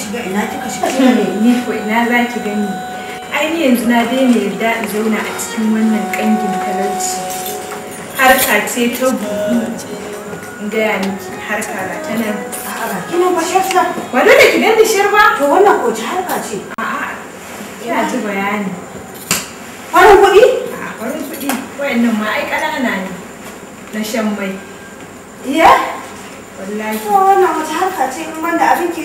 shiga ina kika shiga ni ko ina za ki gani ai ni yanzu na daina yarda in zauna a cikin wannan kangin talauci harka ce ta buhu in gaya miki harka ga ta nan a'a ki kina ba shafsa ba ne ki dan dishir ba to wannan ko ta harka ce a'a kina ji bayani farin kuɗi a'a farin kuɗi wayannan ma ai ƙanana ne na shan mai iya wallahi to wannan wata harka ce in banda abin ki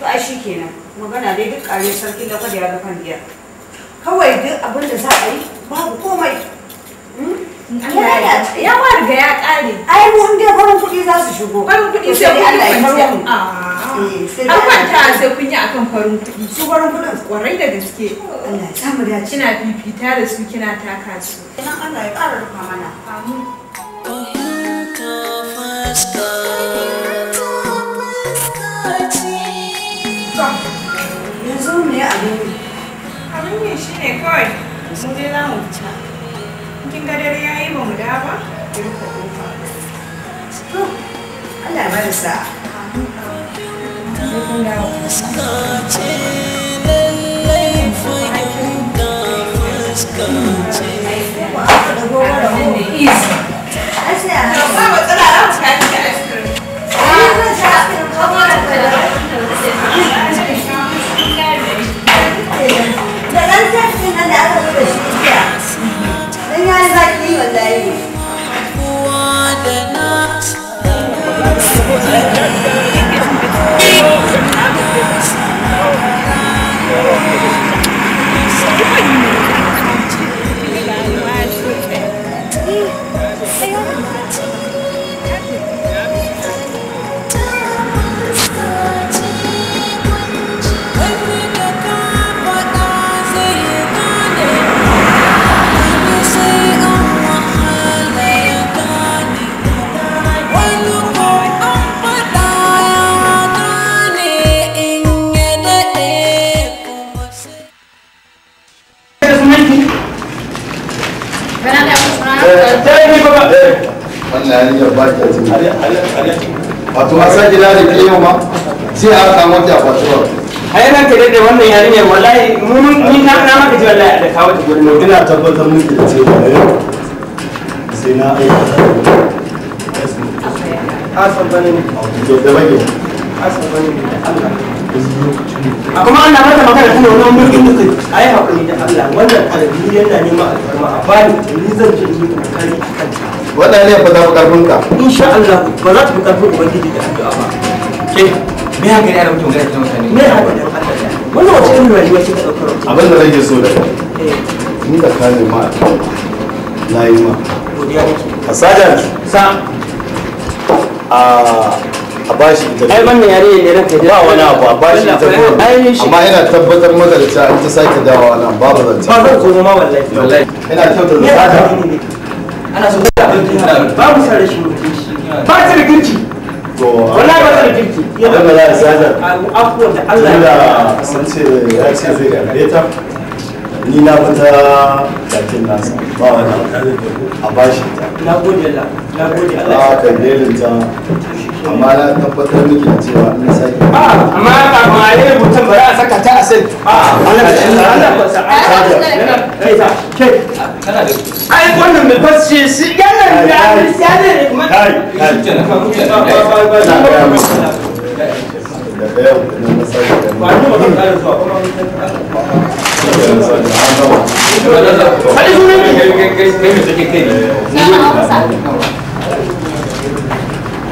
to ai shi kenan magana dai duk ƙare sarki da kwadiya ya ga kan kawai duk abin da za a yi babu komai hmm? ya ma riga ya ƙare ai mun dai farin kuɗi za su shigo farin kuɗi sai kun Allah ya kawo mu ah. eh, an kwanta sai kun yi akan farin kuɗi su farin kuɗin kwarai da gaske Allah ya samu dace kina fifita da su kina taka su idan Allah ya ƙara rufa mana amin first girl. shi ne kawai mu dai za mu fita kin ga dare ya yi ba mu da ba rufe kofa to Allah ya bada sa'a kun dawo wannan ba ta ce wato an sake ke yau ma sai nan ka wannan yarinyar wallahi mu mun ni na na maka ji wallahi da kawo ta gurin ina tabbatar da yau sai na aika asan bane ne da bane asan bane Allah kuma Allah mata magana tana wannan mulkin duka a yi haƙuri da Allah wannan alabi yana neman alfarma a bani ni zan je yi kokari a kanta wannan ne fa za mu karfin ka insha Allah ba za ta fi karfin ubangiji da addu'a ba ke me haka ne ana mutum ga ta mutane me haka ne Allah wannan wace irin rayuwa ce ka daukar abin da nake so da eh. ni da ka ne ma na yi ma godiya nake a sajan sa a ah. a bashi ita ai wannan yare ne ranka ba wani abu a bashi ita amma ina tabbatar maka da cewa ta sake dawowa nan babu zance ba zan komo ma wallahi wallahi ina kyautar da zaka ana so da babu sare shi ba ta da girki wallahi ba ta da girki ba za a sada afuwa da Allah ya san ce ya ce zai gare ta ni na fita jakin nasa ba wani a bashi ta na gode Allah na gode Allah ka ta amma na tabbatar miki da cewa na sake amma ka ma yi mutum bari a saka ta a sai Allah ka shi Allah ka sa ke ta ke ai wannan mai fashe shi yana da ya ne kuma kai kai daga yau da na sake da ba ni mutum kare zuwa kuma Hadi sunan ki. Kai kai kai kai kai. Na na hausa.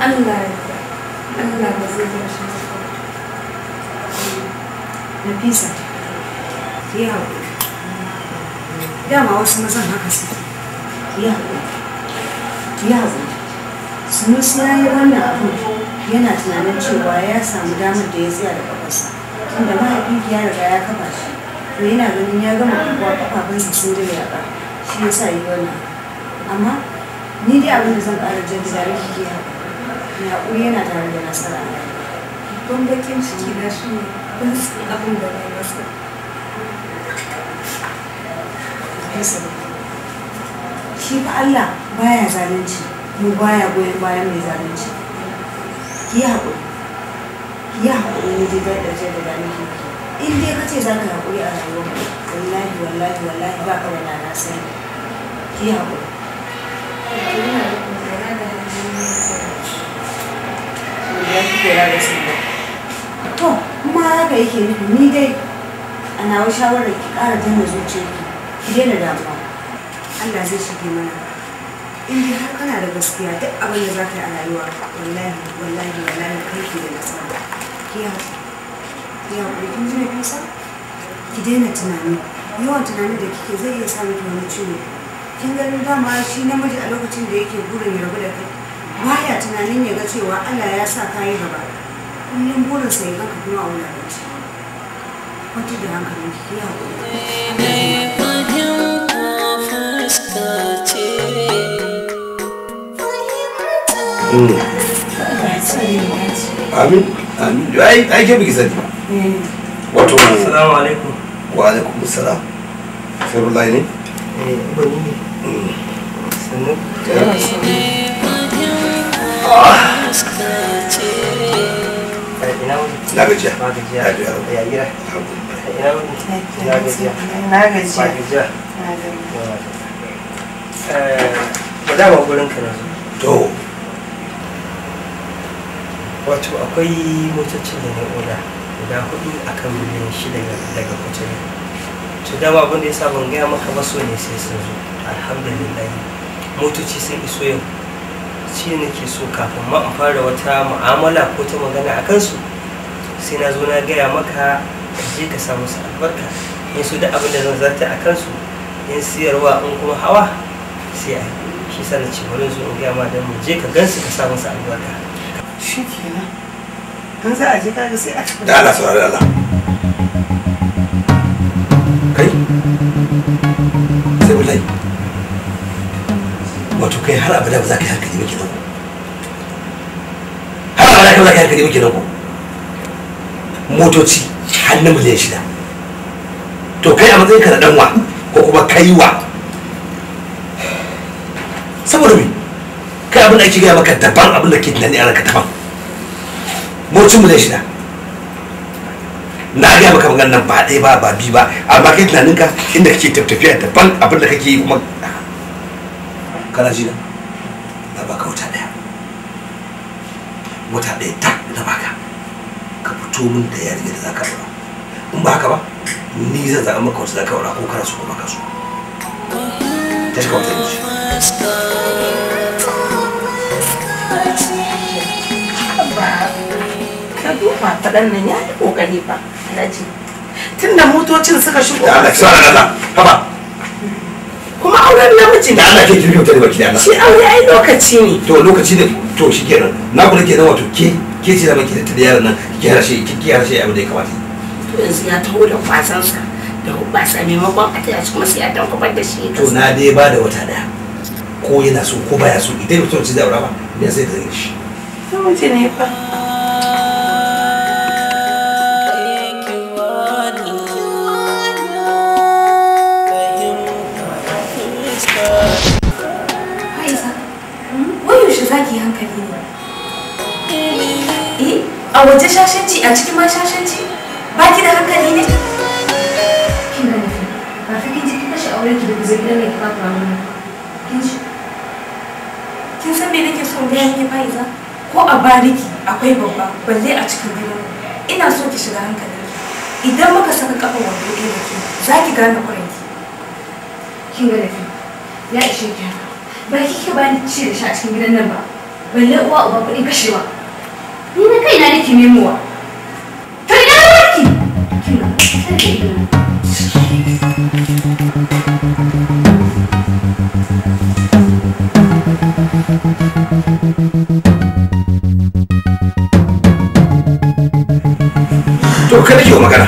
Allah ya Allah ba zai bar shi Nafisa ki haƙuri dama wasu mazan haka su Ya haƙuri ki haƙuri Sunusi ya yi wannan abin yana tunanin cewa ya samu damar da ya tsaya da ƙafarsa tunda mahaifinki ya riga ya kafa shi to yana ganin ya gama kuwa ƙafafunsa sun dare a ƙafa shi ya sa yi wannan amma ni dai abin da zan ƙara jaddada miki ki haka. mai haƙuri yana tare da nasara babban bakin ciki na shi ne ban san abin da na masa shi fa Allah baya zalunci mu baya goyon bayan mai zalunci ki yi haƙuri ki yi haƙuri ne dai da je da gani ki in dai ka ce za ka haƙuri a rayuwar wallahi wallahi wallahi ba ka da na sani ki yi haƙuri ya fi da su ba to kuma haka yake nufi ni dai a nawa shawarar ki ƙara danna zuciyarki ki daina damuwa Allah zai shige mana in dai har kana da gaskiya duk abin da za ka yi a rayuwa wallahi wallahi wallahi kai ke da nasara ki haƙuri ki ji na fisa ki daina tunani yawan tunanin da kike zai iya samun wani ciwo kin gani dama shi namiji a lokacin da yake burin ya rabu da kai baya tunanin ya ga cewa Allah ya sa ka yi gaba kullum burin sai ka kuma a wulaƙanci kwanci da hankali ki ya mm. Amin, amin, ai, ai ke biki eh. Wato, Assalamu alaikum. Wa alaikum assalam. Sai ne? Eh, ubani mm. ne. Na gajiya. Na gajiya. Ya Na gajiya. Na gajiya. Na gajiya. Eh, ba na To. Wato akwai motocin da na oda guda hudu akan miliyan shida daga kwatari. To dama abin da ya sa ban gaya maka maso ne sai sun zo. Alhamdulillah. Motoci sun iso yau. shi ke so kafin ma in fara wata mu'amala ko ta magana a kansu sai na zo na gaya maka ka je ka samu su albarka in su da abin da zan zata a kansu in siyarwa in kuma hawa sai a shi sa na ce wani zo in gaya ma don mu je ka gansu ka samu su albarka shi kenan in za a je kaga sai a da Allah sauraron Allah kai har abada ba za ka yi hankali ba kenan har abada ka za ka yi hankali ba kenan ku motoci har na miliyan shida to kai a matsayin ka na danwa ko kuma kaiwa saboda me kai abin da ake gaya maka daban abin da ke tunani a ranka daban motocin miliyan shida na gaya maka maganar nan ba ɗaya ba ba biyu ba amma kai tunaninka inda kake tafiya daban abin da kake yi kuma kana ji na baka wuta daya wuta daya ta na baka ka fito min da yarinya da zaka aura in ba haka ba ni zan zaɓa maka wata zaka aura ko kana so ko baka so ta shiga wata yanzu ka duba faɗan nan ya yi ƙoƙari ba alhaji tun da motocin suka shigo da kuma auren namiji da Allah ke jirgin wuta da baki da Allah shi aure ai lokaci ne to lokaci ne to shi kenan na kula kenan wato ke ke ce da baki da tada yaron nan ki hara shi ki hara shi abin da ya kamata to yanzu ya taho da kwasan sa da hubasa maimakon a taya shi kuma sai ya dan kubar da shi to na dai ba da wata daya ko yana so ko baya so idan mutum ci da aura ba ya sai da zai shi to ne fa zaki hankali ne eh a waje shashanci a cikin ma shashanci ki da hankali ne kina nufi ba fi kin ji kin kashe auren ki da ku zai gidan ne ki ba ku aure kin ji kin san me nake son gaya miki bai za ko a bariki akwai babba balle a cikin gidan ina so ki shiga hankali idan muka saka kafa wando ɗaya da ke za ki gane kwaranki kin ga nufi ya ishe ki haka ba kike ba ni ci da sha cikin gidan nan ba balle uwa uba kuɗin kashewa ni na kaina nake nemowa to ina ki kina To kada ki magana.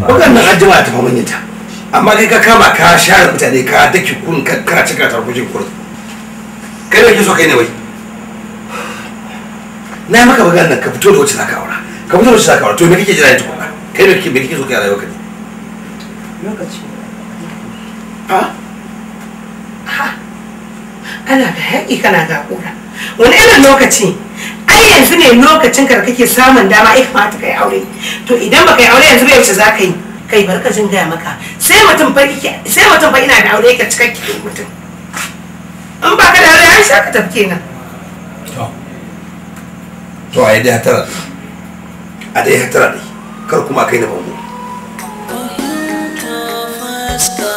Wannan an jima ta fa manyanta. amma kai ka kama ka share mutane ka daki kun ka cika ta kujin kurut kai ne ke so kai ne wai na maka magana nan ka fito da wacce zaka aura ka fito da wacce zaka aura to me kake jira yanzu kuma kai ne kike me kike so kai rayuwa ne lokaci ha ana ga haƙi kana ga kura wani irin lokaci ai yanzu ne lokacin ka kake samun dama ai kamata kai aure to idan baka yi aure yanzu ba yaushe za ka yi kai bar ka jin gaya maka sai mutum fa sai mutum fa ina da aure yake cikakke mutum in ba ka da aure ai sai ka tafi kenan to to ai da hatara a dai hatara dai kar kuma kai na bango Let's go.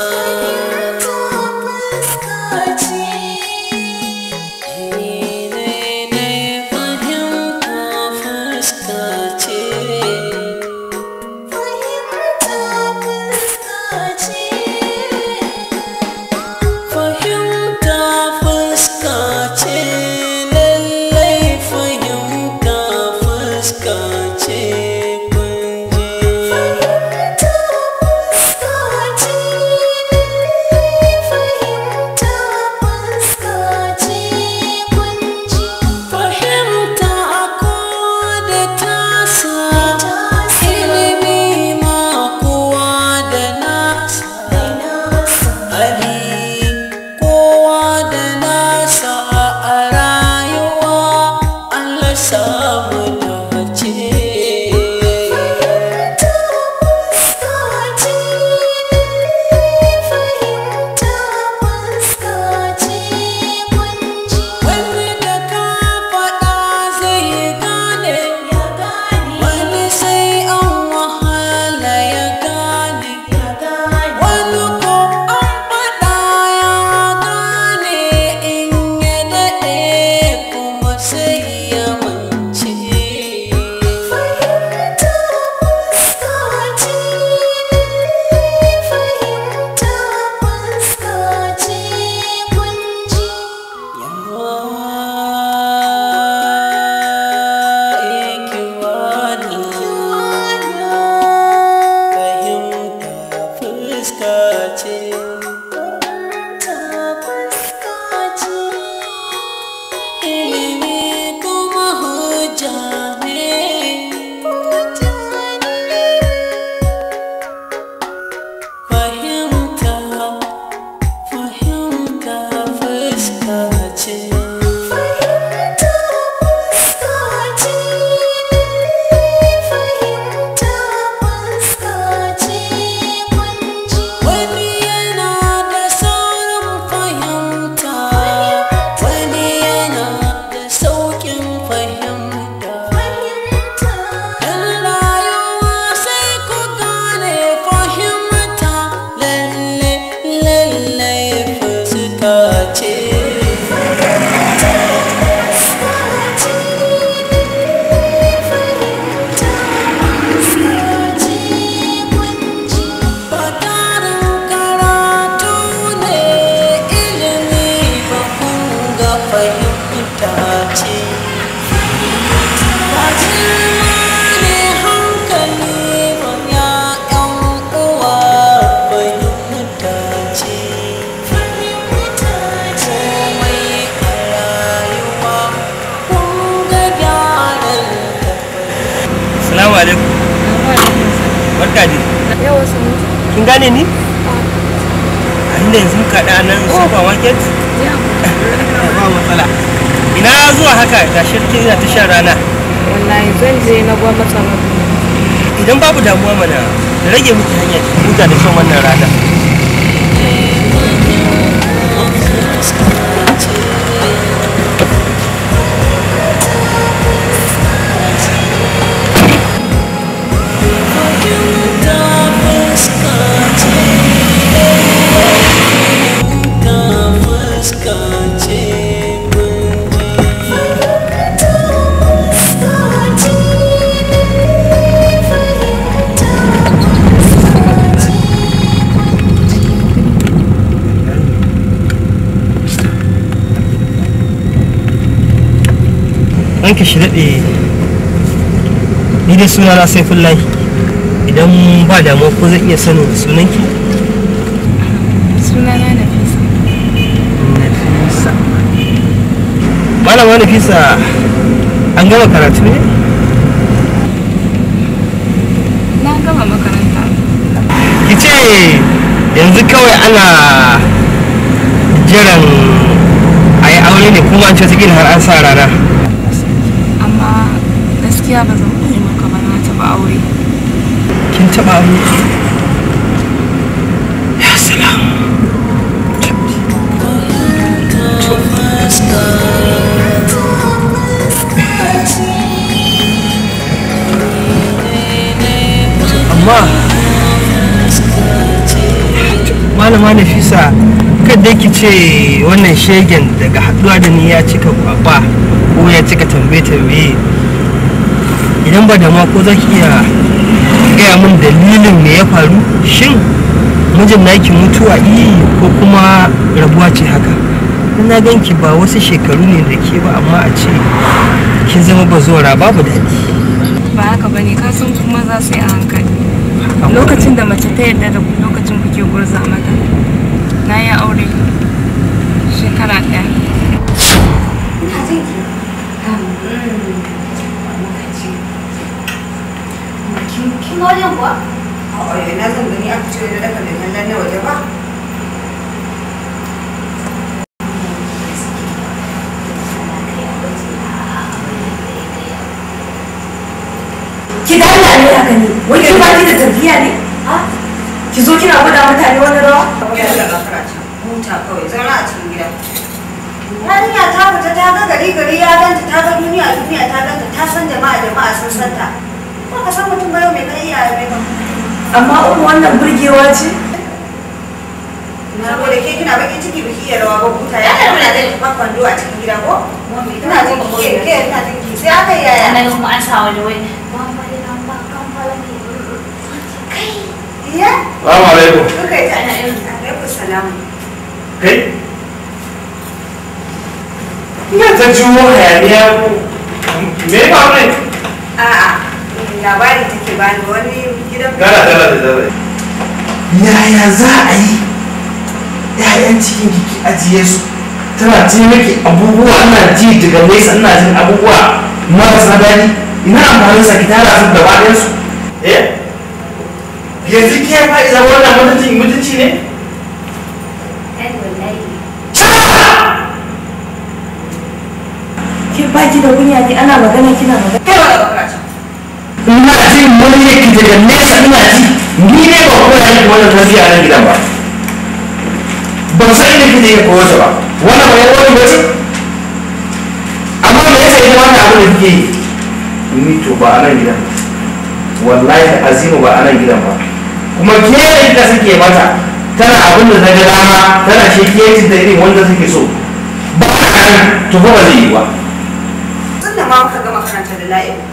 ranka shi daɗe ni dai suna na sai fullahi idan ba damuwa ko zai iya sanin sunanki sunana nafisa nafisa malama nafisa an gama karatu ne na gama makaranta ki ce yanzu kawai ana jiran a yi aure ne kuma an ce ta har an sa rana gaskiya ba zan iya maka ba na taɓa aure kin taɓa aure ya salam amma malama nafisa kada ki ce wannan shegen daga haɗuwa da ni ya cika kwakwa, ko ya cika tambaye-tambaye idan ba da ma ko za ki iya gaya min dalilin me ya faru shin mijin naki mutuwa iyi ko kuma rabuwa ce haka na ganki ba wasu shekaru ne da ke ba amma a ce kin zama bazora babu daɗi ba haka ba ne kasan kuma za su yi a hankali lokacin da mace ta yarda da ku lokacin kuke gurza mata na yi aure shekara ɗaya kuma wajen kuwa? A eh, na zan gani aka ce da daga mai kallon na waje ba. Ki da ne a gani, wani ba ki da tafiya ne? Ki zo kina faɗa mutane wani rawa? Ya shi kara ce, huta kawai, zauna a cikin gida. Yarinya ta fita ta ga gari gari ya ganta ta ga duniya duniya ta ganta ta san jama'a jama'a sun santa. Ba ka san mutum mai Amma uku wannan burgewa ce? Saboda ke kina bakin ciki ba ki rawa ba huta ya zai kuma kwando a cikin gida ko? kina sai aka yi yaya. Na kuma an sa wani wai. Salamu alaikum. ta Kai? Ina ta juwo hayaniya ko me ba ne? A'a. labari take bani wani gidan gara gara da zaba yaya za a yi ya'yan cikin kiki ajiye su tana ji miki abubuwa ana ji daga nesa ina jin abubuwa marasa daɗi ina amfanin sa ki tara su gaba ɗayan su eh yanzu ke fa iza wannan mutunci mutunci ne ke baki da kunya ki ana magana kina magana ina jin wani yake daga nesa ina ji ni ne ba koya yake wannan tarbiyya nan gidan ba ba san inda kike yin koyo ba wannan ba yawo ba ce amma me yasa ita wannan abu da kike ni gidan wallahi azimu ba anan gidan ba kuma ke da kika suke mata tana abin da daga dama tana shekiyancin da irin wanda suke so ba a nan to ba yi ba gama karanta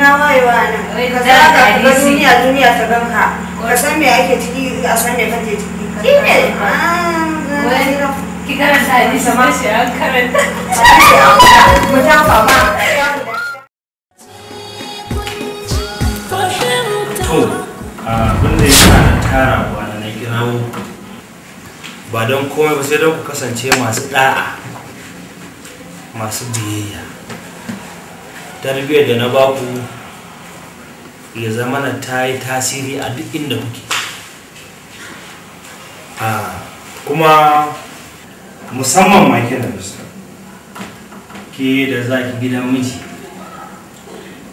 ina wayewa nan ka za ka ga duniya duniya ta ganka ka san me ake ciki a san me kake ciki shi ne ki karanta hadisi sama shi an karanta mu ta fama to abin da ya sa na tara wa na kirawo ba don komai ba sai don ku kasance masu da'a masu biyayya tarbiyyar da na baku ya zama na ta yi tasiri a duk inda kuke kuma musamman ma ke da ke da za ki gidan miji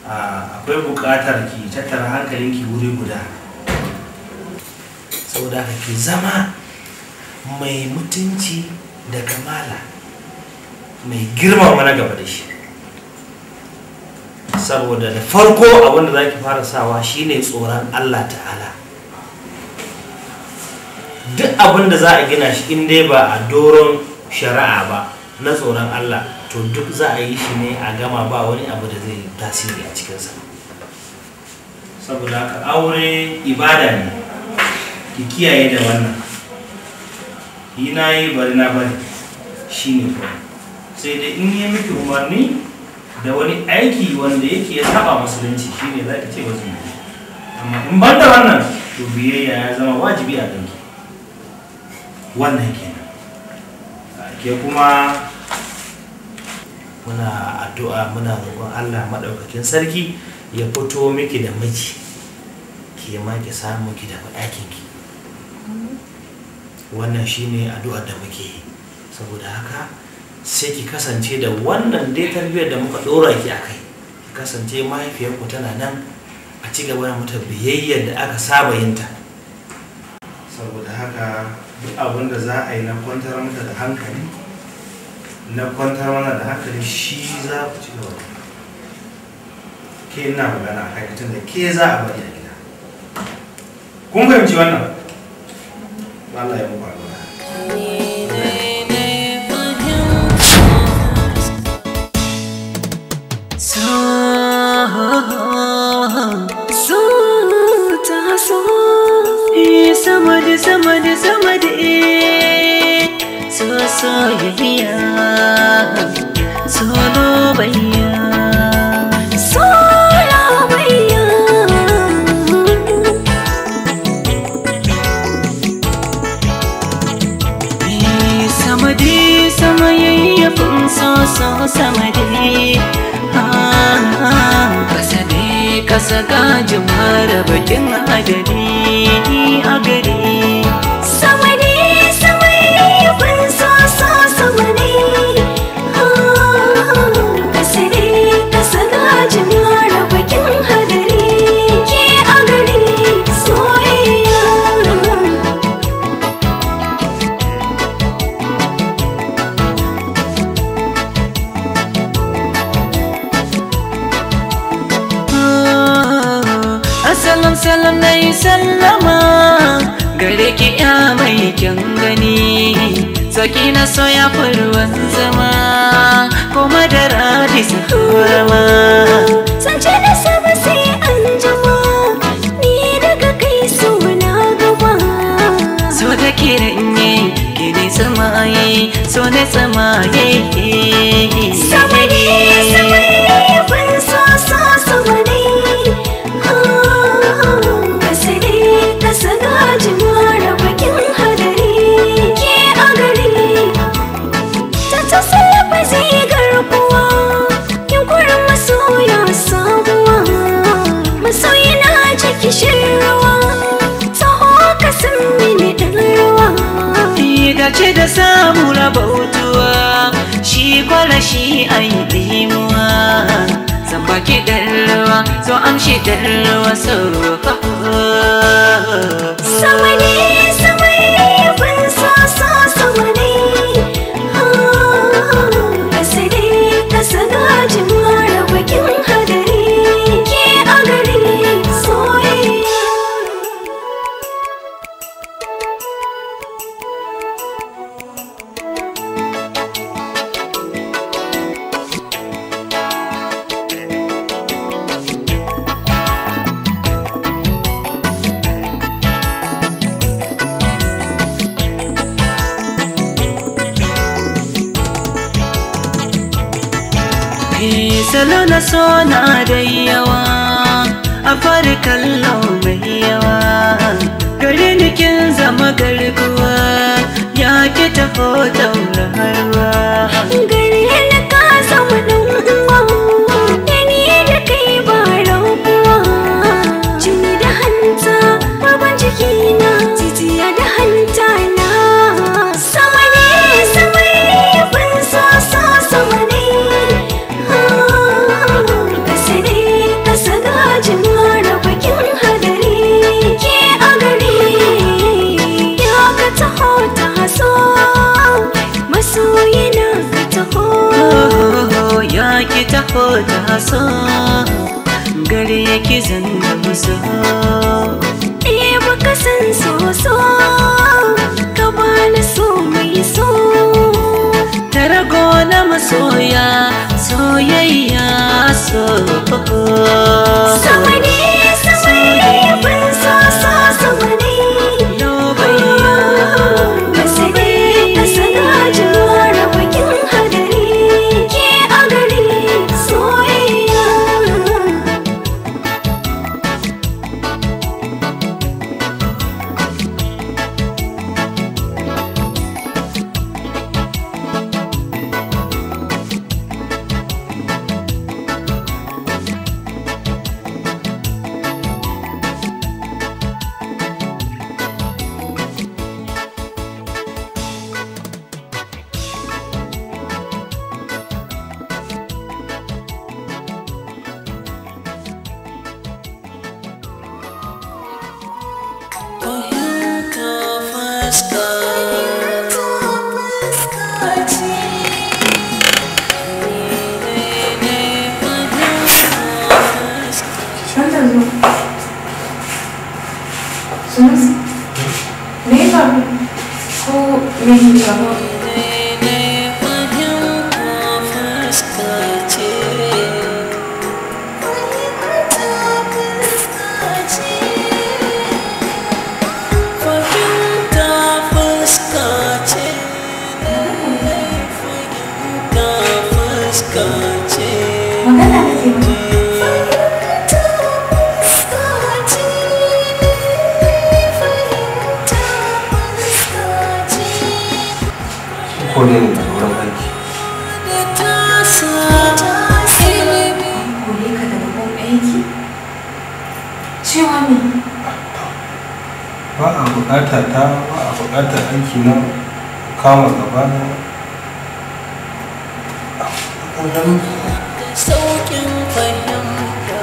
akwai buƙatar ki tattara hankalinki wuri guda saboda haka ki zama mai mutunci da kamala mai girma na gaba da shi saboda da farko abinda za ki fara sawa shine tsoron allah ta'ala duk abinda za a gina shi in ba a doron shari'a ba na tsoron allah to duk za a yi shi ne a gama ba wani abu da zai tasiri a cikinsa saboda ka aure ibada ne ki kiyaye da wannan yi na yi bari na bari shi ne sai dai in yi miki umarni da wani aiki wanda yake ya saba musulunci shine za ka ce wajibi amma in ban da wannan to biyayya ya zama wajibi a kanki wannan kenan ke kuma muna addu'a muna roƙon Allah maɗaukakin sarki ya fito miki da miji ke ma ki samu ki da ɗakinki wannan shine addu'ar da muke yi saboda haka sai ki kasance da wannan dai tarbiyyar da muka dora ki a kai ki kasance mahaifiyarku tana nan a ci gaba da mata biyayyar da aka saba yinta saboda haka duk abin da za a yi na kwantar mata da hankali na kwantar mana da hankali shi za ku ci gaba ke ina magana a kai da ke za a bari a gida kun fahimci wannan Allah ya muku so ta so sama da sama sama da so soyayya so lobayya so sama da sama yayyafin ka saka jimar bakin adadi kyan gani saki na soya faruwan zama ko madara bisa ma. sance na saba sai an jama ni daga kai so na gaba so da ke ranye ke ne samaye so ne samaye zo amshi da wasu Oh, jao Oh. नहीं बाबू को नहीं बाबू bukata ta ba a bukatar aiki na kama gaba na saukin fahimta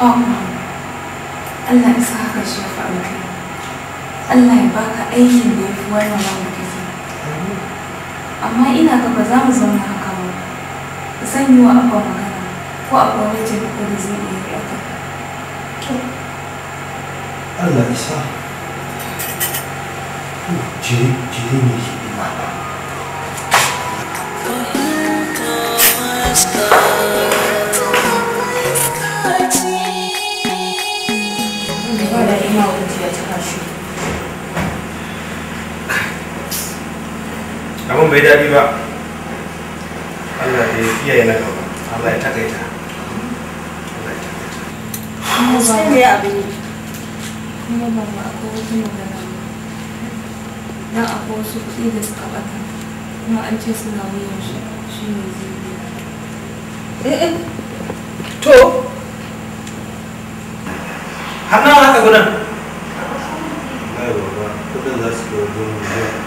oh, Allah ya sa ka shafa alkai Allah ya baka aikin da ya fi wannan wanda kake amma ina ga ba za mu zauna zan yi wa abba magana ko akwai wani taimako da zai iya yi aka to allah isa jire jire ne ke ima ba abin bai daɗi ba Allah ya kiyaye yana gaba Allah ya takaita Allah ya takaita sai ne abin kuma mama akwai wata magana dan akwai wasu kuɗi da suka kuma an ce suna wuyan shi shi ne zai biya eh eh to har nawa haka gudan ai kudin za su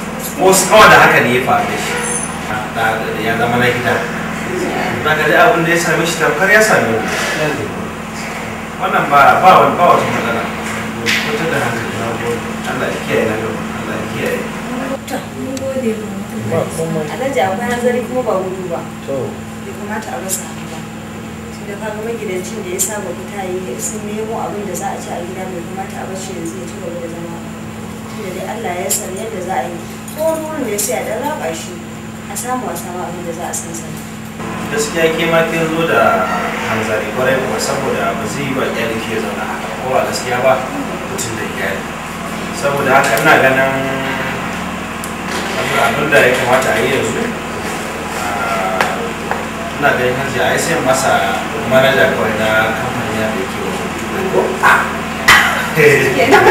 ko su kawai da haka ne ya faru da shi ya zama na gida na gari abin da ya same shi tamkar ya same mu wannan ba ba wani ba wata ko ta da hankali na gode Allah ya kiyaye na gaba Allah ya kiyaye mun gode mu alhaji akwai hanzari kuma ba gudu ba bai kamata a rasa ba da kaga magidancin da ya saba fita yi sun nemo abin da za a ci a gida bai kamata a bashi yanzu ya ci gaba da zama da dai Allah ya san yadda za a yi ko wurin da sai a dan raba shi a samu a samu abin da za a san sani gaskiya ke ma kin zo da hanzari kwarai kuma saboda ba zai yi ba iyali ke zauna haka ko a gaskiya ba mutum da iyali saboda haka ina ganin abin da ya kamata a yi yanzu ah, ina ganin hanzu a yi sai masa manaja kawai na kamfanin da ke wani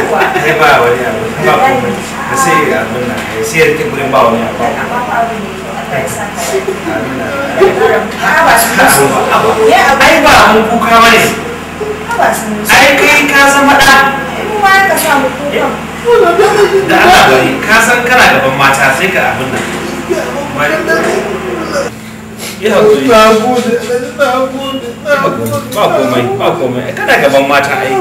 ko a ba wani abu ba kuma na sai abin nan sai ya rike gurin ba abu ba mun kuka ba ne ai kai ka zama ɗa da Allah bari ka san kana gaban mata sai ka abin nan Ya hakuri. Na gode, na gode, na gode. Ba komai, ba komai. Kana gaban mata ai.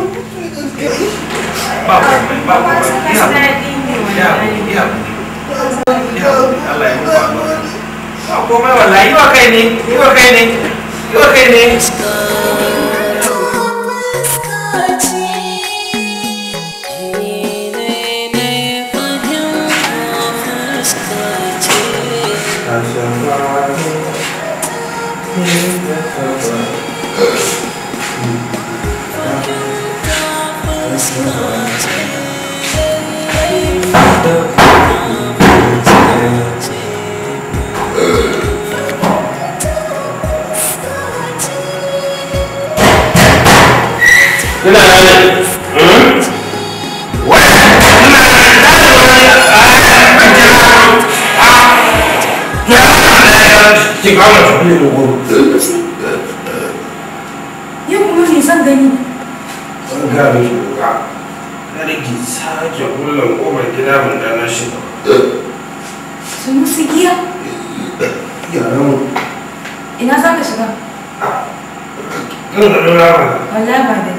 Ba komai, ba komai. Ya hakuri. ya Allah ya rufa ba komai wallahi yi kai ne yi kai ne yi kai ne suna nan ki kawo kuma yin ne gani an gane shi ga ki sake kullum kofar gida ban dana shi ba su musu giya yaran hmm? ina za ka shiga kan da dora ba wallahi ba da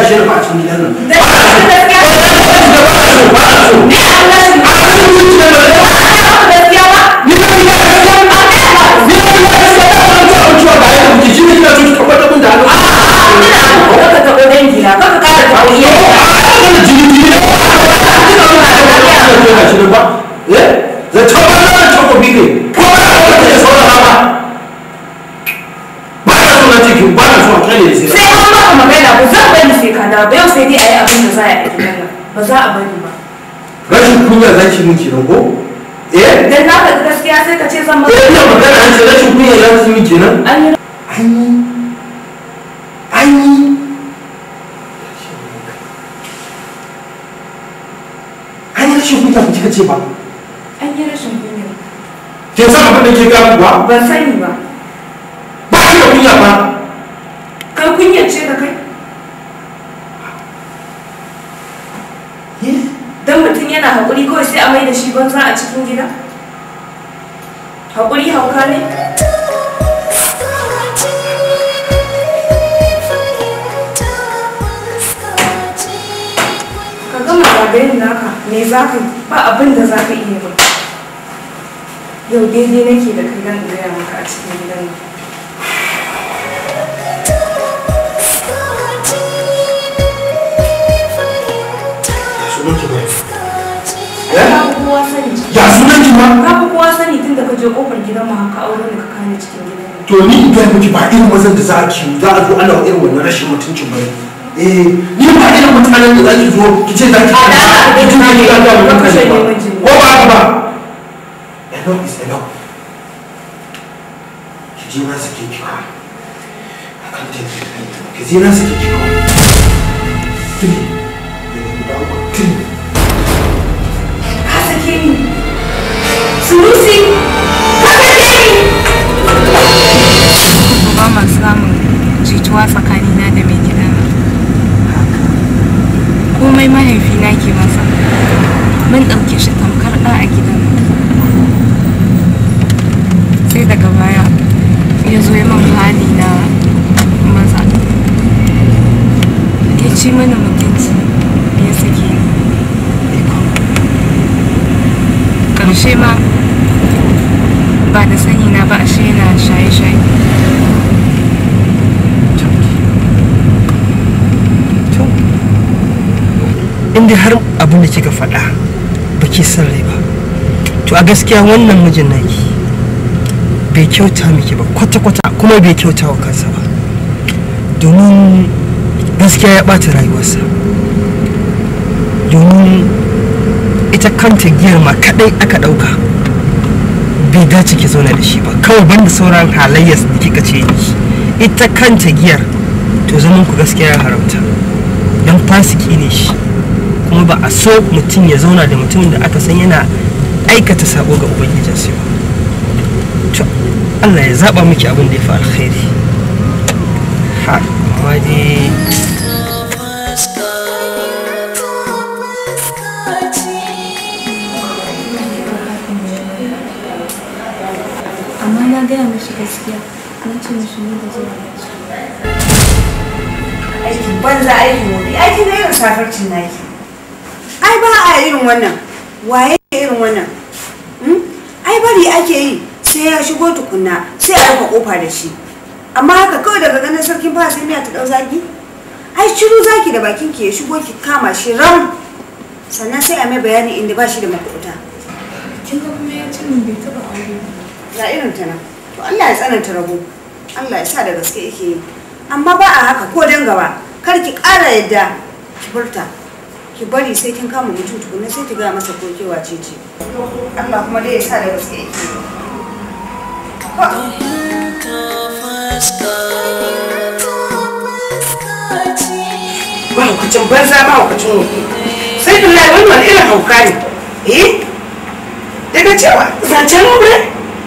开心了，放心点。bane sai an maka magana ba sai ba yau sai dai abin da za a yi nan ba za a bari ba rashin kunya ko eh dan na faɗi gaskiya sai ka ce zan ba. eh ina magana an ce rashin kunya za ki mun nan? an yi an yi an yi rashin kunya ba kika ce ba an yi rashin kunya ke san abin da ke gaba ba ban sani ba ba ki kunya ba kai kunyar ce ka kai don mutum yana haƙuri kawai sai a mai da shi banza a cikin gida haƙuri hauka ne ka gama zagayen naka me za ka ba abin da za ka iya ba yau daidai nake da kai don gaya maka a cikin gidan nan ma kowa sani tun da ka je kofar gidan mu haka auren da ka kane cikin gidan to ni in ga miki ba irin mazan da za ki za a zo ana irin wannan rashin mutuncin bane eh ni ba irin mutanen da za ki zo ki ce za ki ki tuna ki ga da mutunci ba ko ba haka ba enough is enough ki je na sake ki kawai akan take ki je na sake ki kawai abin da kika faɗa ba ki san rai ba to a gaskiya wannan mijin naki bai kyauta miki ba kwata-kwata kuma bai kyauta wa kansa ba domin gaskiya ya bata rayuwarsa domin ita kanta giyar ma kadai aka ɗauka bai dace ki zauna da shi ba kawai banda sauran halayya da kika ce ita kanta giyar to zaman ku gaskiya ya haramta don fasiki ne shi kuma ba a so mutum ya zauna da mutumin da aka san yana aikata sabo ga ubangijinsa to Allah ya zaba miki abin da ya fi alkhairi ha amma dai gaya gaskiya ce mishi ne da zuwa aikin banza aiki wuri aiki na yin safarcin naki fara irin wannan waye irin wannan hmm? ai bari ake yi sai ya shigo tukunna sai a rufe kofa da shi amma haka kawai daga ganin sarkin fara sai miya ta dau zaki ai shiru zaki da bakin ki ya shigo ki kama shi ram sannan sai a mai bayani inda ba shi da makuta kin ga kuma ya ce min bai taba aure ba irin ta nan to Allah ya tsananta rabo Allah ya sa da gaske yake yi amma ba a haka ko dan gaba kar ki ƙara yadda ki furta ki bari sai kin kama mutum tukunna sai ki gaya masa ko kewa ce ce Allah kuma dai ya sa da gaske yake ba hukucin banza ba hukucin wuki sai billahi wani wani irin hauka ne eh daga cewa zancen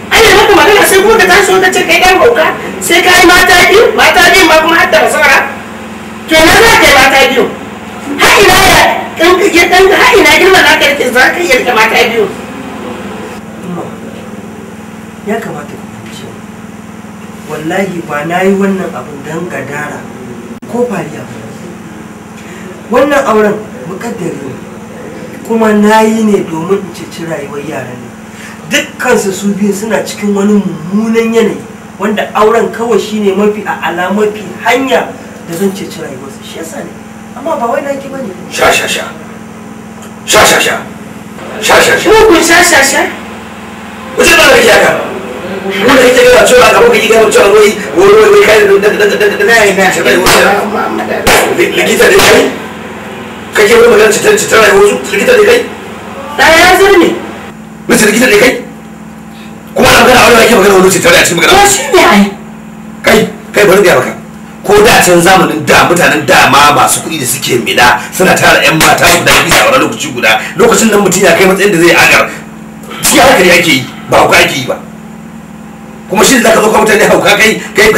Ai ana maka magana sai kuma ka tashi wata ce kai dan hauka sai ka yi mata biyu mata biyu ma kuma hatta da masara to na za ka yi mata biyu har ina ya ɗan har ina girma za ka rike za ka iya rike mata biyu ya kamata ku fahimci wallahi ba na yi wannan abu don gadara ko fariya wannan auren mukaddari ne kuma na yi ne domin in ceci rayuwar yaran ne dukkansu su biyu suna cikin wani mummunan yanayi wanda auren kawai shine mafi a mafi hanya da zan ceci rayuwarsu shi yasa ne amma ba wai naki bane sha sha sha sha sha sha sha sha sha mugun sha sha sha wace ba da kiyaka mu da kike ga cewa ka muka ga cewa wai wai wai kai da da da da da na yi na shi bai wai likita da kai kake wani magana cikin cikin rayuwar su likita da kai ɗaya ya zirne mace likita da kai kuma na magana wani ake magana wani cikin ya cikin magana to shi ne ai kai kai bari da baka ko da can zamanin da mutanen dama masu kuɗi da suke mida suna tara yan mata guda bisa wani lokaci guda lokacin da mutum ya kai matsayin da zai agar shi haka ne ake yi ba hauka ake yi ba kuma shi da ka zo ka mutane hauka kai kai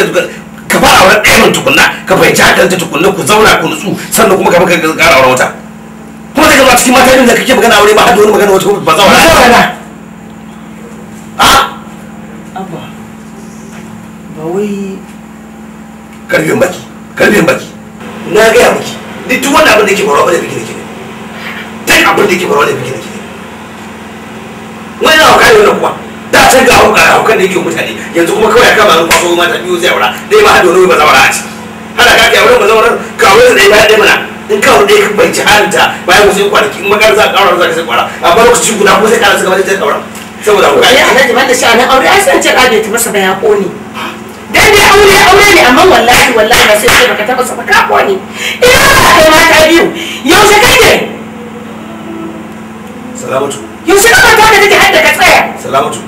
ka fara auren ɗayan tukunna ka fahimci ta tukunna ku zauna ku nutsu sannan kuma ka fara ƙara auren wata kuma daga ba cikin mata da kake magana aure ba har wani magana wata kuma ba zauna ba a ah! ba wai karfin baki karfin baki na gaya miki ni duk wanda abin da ke faruwa ba da biki gina duk abin da ke faruwa da biki ne wani na hauka ne wani kuma da can ga hauka da yake mutane yanzu kuma kawai kama an kwaso mata biyu zai dai wani ba a ciki hana ka kai wurin ba zawara ka wurin da ya dai mana in kawo ɗaya ka bai halinta bayan wasu yin kwanaki in makar za a ƙaura za ka sai ƙwara amma lokaci guda ko sai ƙara su gaba da ta ƙaura saboda hauka. Ya halatta ban da sha'anin aure ai san ce dan dai aure aure ne amma wallahi wallahi ba sai baka taba sa ka ko ne ina ba kai mata biyu yaushe kai ne salamatu yaushe ka mata da take da ka tsaya salamatu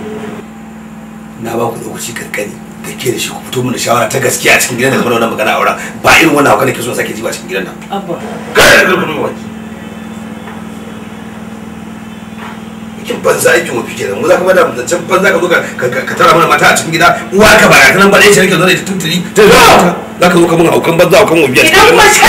na ba ku lokaci kankani da ke da shi ku fito mana shawara ta gaskiya a cikin gidan da game da wannan magana auren ba irin wannan hauka da ke so sake ji ba cikin gidan nan abba kai da gurbin wani aikin banza aikin wafi kenan mu za ka bada zancen banza ka zo ka tara mana mata a cikin gida uwa ka baya ta nan bare shi rike zo tuntuni ta zo za ka zo ka muna banza aukan wafi idan kuma za ka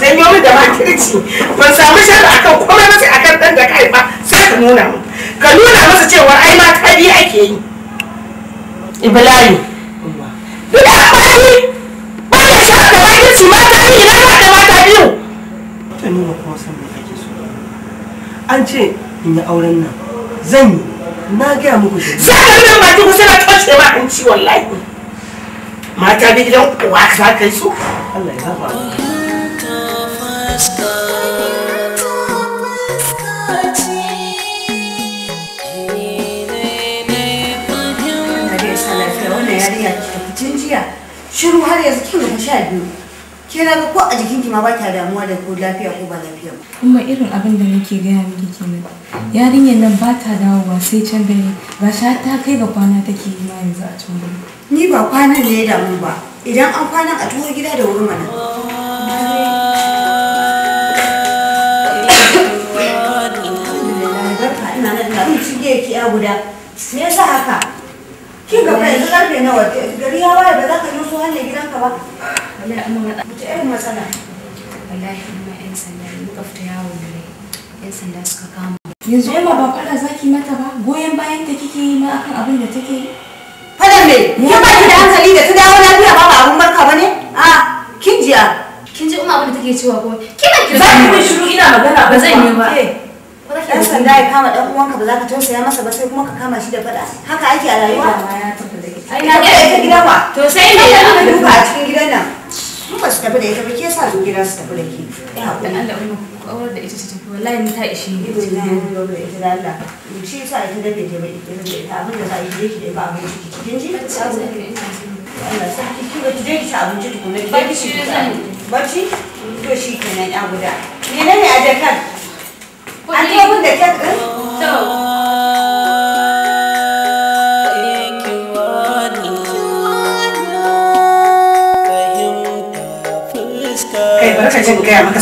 janyo min da makirci ban samu akan komai ba sai akan dan da kai ba sai ka nuna mu ka nuna masa cewa ai ma ta bi ake yi ba da ina ba da mata biyu ta nuna kuma san me kake so an ce in yi auren nan zan yi na gaya muku shi sai ka nuna mata sai na toshe ma an ci wallahi mata bi gidan uwa ka za ka kai su Allah ya zafa Shiru har yanzu kin da sha biyu. ke na ga ko a jikinki ma ba ta damuwa da ko lafiya ko ba lafiya ba kuma irin abin da nake gaya miki kenan yarinyar nan ba ta dawowa sai can dare ba sha ta kai ga kwana take yi ma yanzu a can ni ba kwana ne ya damu ba idan an kwana a tuwo gida da wuri mana ina nan da ki guda me yasa haka kin gaba yanzu karfe nawa gari ya waye ba za ka yi su hannun gidanka ba wallahi amma na wuce irin matsala yan sanda ne muka fita yawo da rai yan suka kama yanzu Emma ba fada zaki mata ba goyon bayan ta kike yi ma akan abin da take yi fada me ke ba da hankali da ta dawo lafiya ba ba abun barka bane a kin jiya kin ji ki zaki shiru ina magana ba zan yi ba Ɗan sanda ya kama ɗan uwanka ba za ka tausaya masa ba sai kuma ka kama shi da faɗa, haka ake a rayuwa ai ga ita gida ba to sai ne ya duka a cikin gidan nan mun ba su tafi da ita ba ke sa zo gidan su tafi da ke ya hakuri Allah umu kawar da ita ce tafi wallahi ni ta ishe ni ita ne yau da ita da Allah shi sa ita da ke ba ita da ita abin da za a yi ki da ba abin ciki kin ji Allah sarki ki ba ki je ki ci abinci tukuna ki je ki ci bacci to shi kenan ya guda menene a jakar An eh? kai mun da kek maka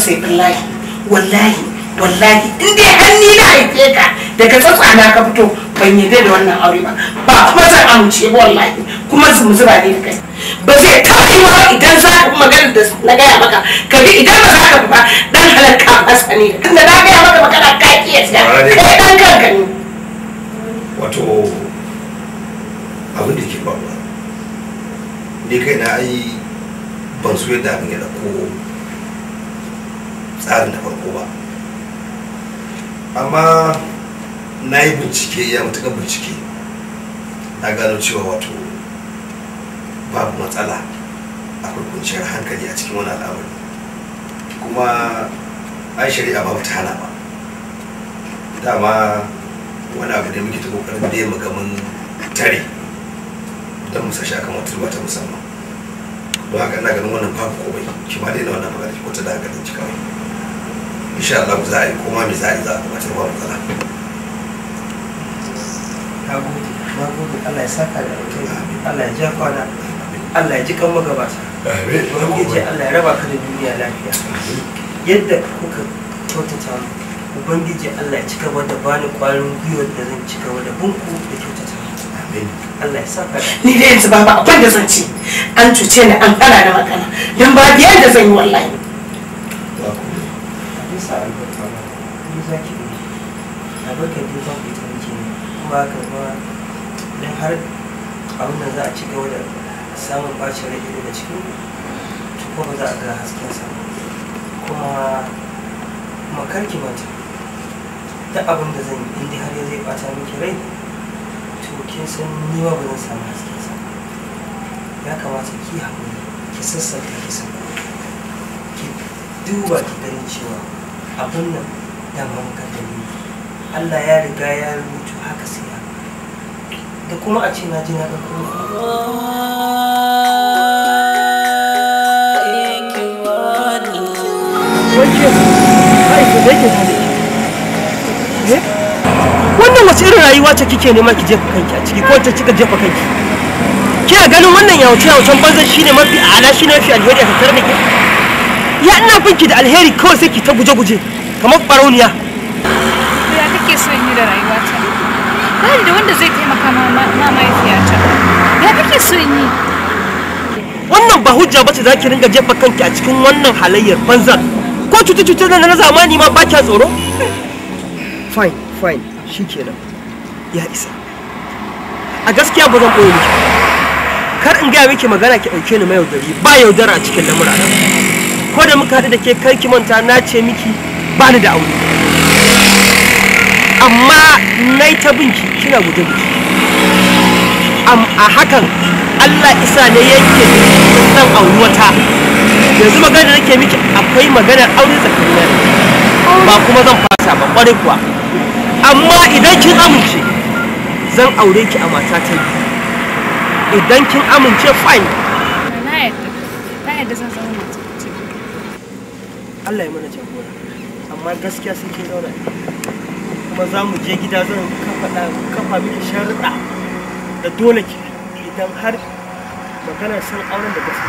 wallahi wallahi in dai an ni na haife ka daga tsatsa na ka fito ban yarda da wannan aure ba ba kuma zan amince ba wallahi kuma zumu zuba ne da kai ba zai taɓa yi ba idan za ka magana da na gaya maka ka bi idan ba za ka ba dan halarka masa ne tunda na gaya maka magana ka ki yadda kai dan kanka ne wato abin da ke ba ba ni kai na ai ban so yadda abin ya dauko tsarin da farko ba amma na yi bincike ya matuƙar bincike na gano cewa wato babu matsala akwai kwanciyar hankali a cikin wani al'amari kuma an shari'a ba ta hana ba dama wani abu da muke ta kokarin da ya magamin tare don musa shi kan wata ta musamman don haka ina ganin wannan babu komai ki ma na wannan magana ko ta da hankalin ki kawai insha Allah za a yi koma me za a yi za a ta ba matsala na gode Allah ya saka da kai Allah ya ja kwana Allah ya ji kan magabata ubangiji Allah ya raba ka da duniya lafiya yadda kuka kyautata mu ubangiji Allah ya cika gaba da bani kwarin gwiwar da zan cika gaba da bunku da kyautata Allah ya saka ni da yanzu babu abin da zan ci an cuce ni an kana da magana dan ba biyar da zan yi wallahi ni ne ne baka ba don har abin da za a ci gaba da samun bacin rage daga cikin ko ba za a ga sa kuma makarki mata da abin da zan inda har ya zai bata miki rai to kin san ni ma ba zan samu hasken sa ya kamata ki haƙuri ki sassauta ki san ki duba ki gani cewa abin nan da ma makarki Allah ya riga ya rubuta da kuma a ce na ji na ga eh? wannan wasu irin rayuwa ce kike neman ki jefa kanki a ciki ko ta kika jefa kanki kina ganin wannan ya yawace yawacen banzan shine mafi ala shine mafi alheri a tattare da ke ya ina binki da alheri kawai sai ki ta guje-guje kamar farauniya ya kake son yi da rayuwa ba da wanda zai taimaka ma mama ya kake so in yi wannan ba hujja bace za ki ringa jefa kanki a cikin wannan halayyar banzan ko cuce-cuce da na zamani ma ba kya tsoro fine fine shi kenan, ya isa a gaskiya ba zan ɓoye miki kar in gaya miki magana ki ɗauke ni mayaudari, ba yaudara a cikin lamura ko da muka haɗu da ke kai ki manta na ce miki ba ni da aure amma na yi ta binki kina guje guje a hakan allah isa ne yanke zan auri wata yanzu magana da nake miki akwai maganar aure tsakanin ba kuma zan fasa ba kwarai kuwa amma idan kin amince zan aure ki a mata ta biyu idan kin amince fine Allah ya mana jagora amma gaskiya sun ke zauna kuma za mu je gida zan kafa miki sharuɗa da dole ki idan har maganar san auren da gaske.